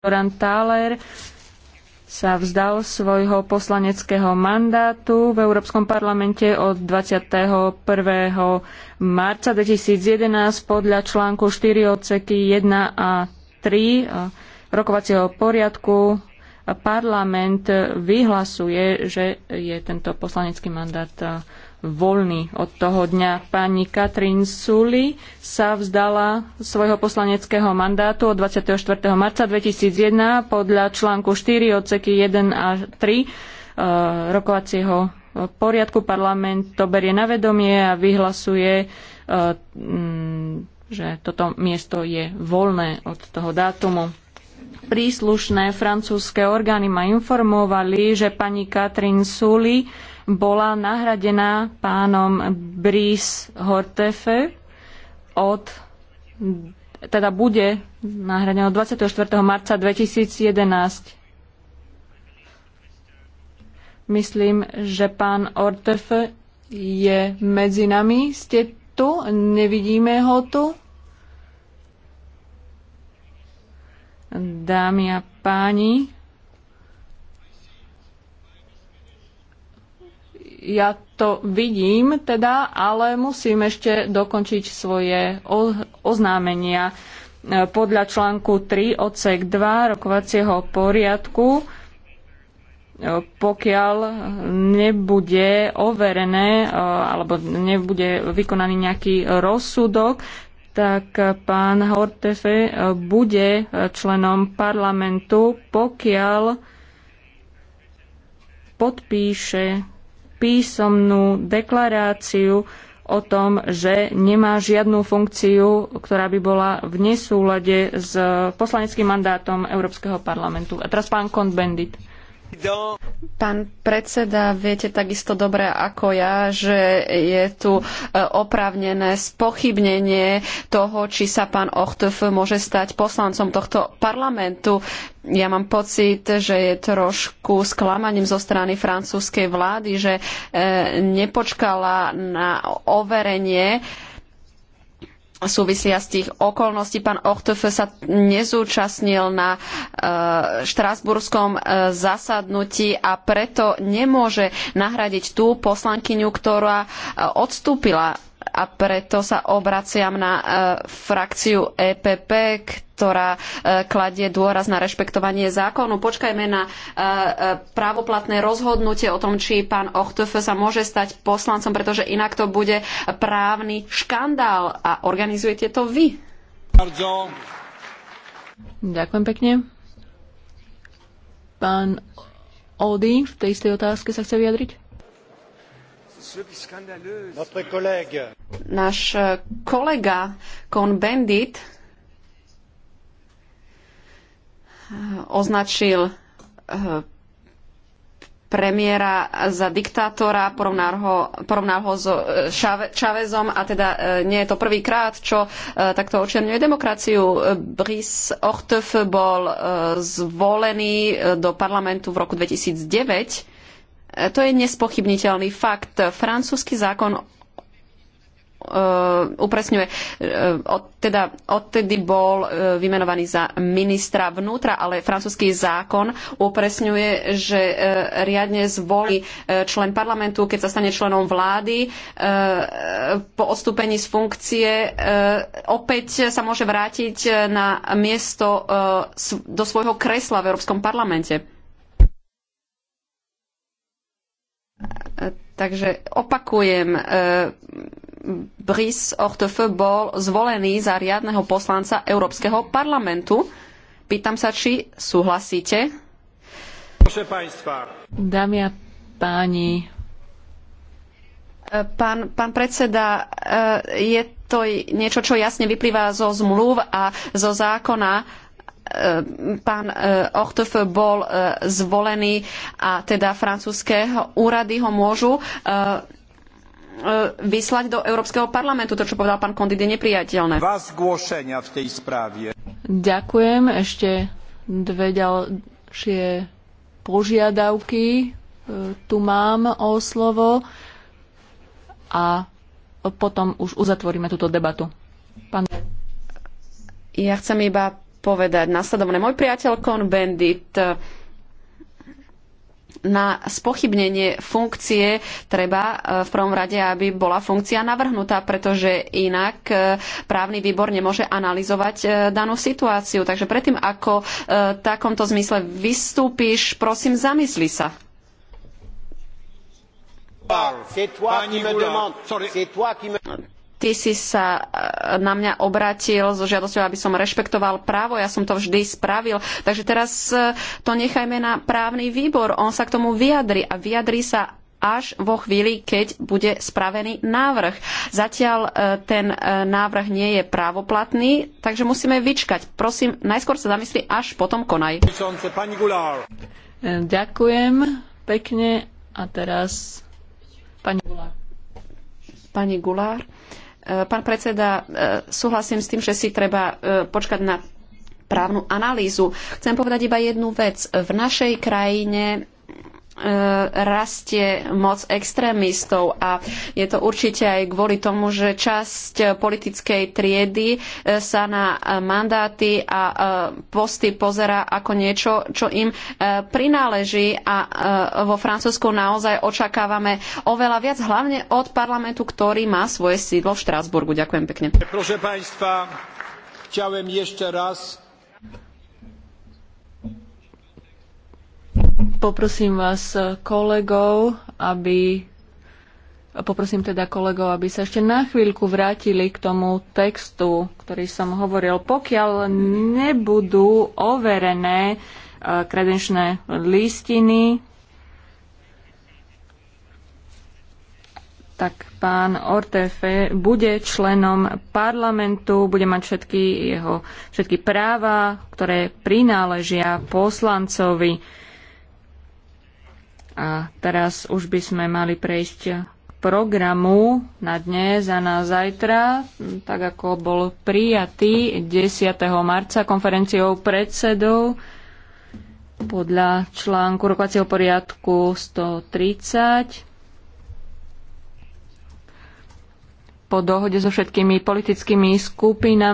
Zoran Thaler sa vzdal svojho poslaneckého mandátu v Európskom parlamente od 21. marca 2011 podľa článku 4 odseky 1 a 3 rokovacieho poriadku parlament vyhlasuje, že je tento poslanecký mandát voľný od toho dňa. Pani Katrin Suli sa vzdala svojho poslaneckého mandátu od 24. marca 2001 podľa článku 4 odseky 1 a 3 e, rokovacieho poriadku. Parlament to berie na vedomie a vyhlasuje, e, že toto miesto je voľné od toho dátumu príslušné francúzske orgány ma informovali, že pani Katrin Sully bola nahradená pánom Brice Hortefe od teda bude nahradená od 24. marca 2011. Myslím, že pán Ortefe je medzi nami. Ste tu? Nevidíme ho tu? dámy a páni. Ja to vidím teda, ale musím ešte dokončiť svoje oznámenia. Podľa článku 3 odsek 2 rokovacieho poriadku pokiaľ nebude overené alebo nebude vykonaný nejaký rozsudok, tak pán Hortefe eh, bude eh, členom parlamentu, pokiaľ podpíše písomnú deklaráciu o tom, že nemá žiadnu funkciu, ktorá by bola v nesúlade s poslaneckým mandátom Európskeho parlamentu. A teraz pán Kont Bendit. Pán predseda, viete takisto dobre ako ja, že je tu e, oprávnené spochybnenie toho, či sa pán Ochtov môže stať poslancom tohto parlamentu. Ja mám pocit, že je trošku sklamaním zo strany francúzskej vlády, že e, nepočkala na overenie súvisia z tých okolností. Pán Ochtef sa nezúčastnil na eh, štrasburskom eh, zasadnutí a preto nemôže nahradiť tú poslankyňu, ktorá eh, odstúpila. A preto sa obraciam na frakciu EPP, ktorá e, kladie dôraz na rešpektovanie zákonu. Počkajme na e, e, právoplatné rozhodnutie o tom, či pán Ochtofe sa môže stať poslancom, pretože inak to bude právny škandál a organizujete to vy. Ďakujem pekne. Pán Ody v tej istej otázke sa chce vyjadriť? Náš kolega Kohn Bendit označil eh, premiéra za diktátora, porovnal ho, porovnal ho so eh, Čavezom a teda eh, nie je to prvýkrát, čo takto očerňuje demokraciu. Brice Ortev bol zvolený do parlamentu v roku 2009. To je nespochybniteľný fakt. Francúzsky zákon E, upresňuje. E, od, teda odtedy bol e, vymenovaný za ministra vnútra, ale francúzsky zákon upresňuje, že riadne zvolí člen parlamentu, keď sa stane členom vlády, po odstúpení z funkcie opäť sa môže vrátiť na miesto do svojho kresla v Európskom parlamente. Takže opakujem, Brice Ortefe bol zvolený za riadneho poslanca Európskeho parlamentu. Pýtam sa, či súhlasíte. Dámy a páni. E, pán, pán predseda, e, je to niečo, čo jasne vyplýva zo zmluv a zo zákona e, pán Ochtef bol zvolený a teda francúzske úrady ho môžu E, vyslať do Európskeho parlamentu. To, čo povedal pán Kondid, je nepriateľné. v tej správe. Ďakujem. Ešte dve ďalšie požiadavky. E, tu mám o slovo a potom už uzatvoríme túto debatu. Pán... Ja chcem iba povedať nasledovne. Môj priateľ Kon Bendit na spochybnenie funkcie treba e, v prvom rade, aby bola funkcia navrhnutá, pretože inak e, právny výbor nemôže analyzovať e, danú situáciu. Takže predtým, ako v takomto zmysle vystúpiš, prosím, zamysli sa. Pani ty si sa e, na mňa obratil so žiadosťou, aby som rešpektoval právo. Ja som to vždy spravil. Takže teraz e, to nechajme na právny výbor. On sa k tomu vyjadri a vyjadri sa až vo chvíli, keď bude spravený návrh. Zatiaľ e, ten návrh nie je právoplatný, takže musíme vyčkať. Prosím, najskôr sa zamysli, až potom konaj. Ďakujem pekne a teraz pani Gulár. Pani Gulár. Eh, pán predseda, eh, súhlasím s tým, že si treba eh, počkať na právnu analýzu. Chcem povedať iba jednu vec. V našej krajine E, rastie moc extrémistov a je to určite aj kvôli tomu, že časť politickej triedy e, sa na mandáty a e, posty pozera ako niečo, čo im prináleží a vo Francúzsku naozaj očakávame oveľa viac, hlavne od parlamentu, ktorý má svoje sídlo v Štrásburgu. Ďakujem pekne. Państwa, chciałem jeszcze raz Poprosím vás kolegov, aby poprosím teda kolegov, aby sa ešte na chvíľku vrátili k tomu textu, ktorý som hovoril. Pokiaľ nebudú overené e, kredenčné listiny, tak pán Ortefe bude členom parlamentu, bude mať všetky jeho všetky práva, ktoré prináležia poslancovi. A teraz už by sme mali prejsť k programu na dnes a na zajtra, tak ako bol prijatý 10. marca konferenciou predsedov podľa článku rokovacieho poriadku 130 po dohode so všetkými politickými skupinami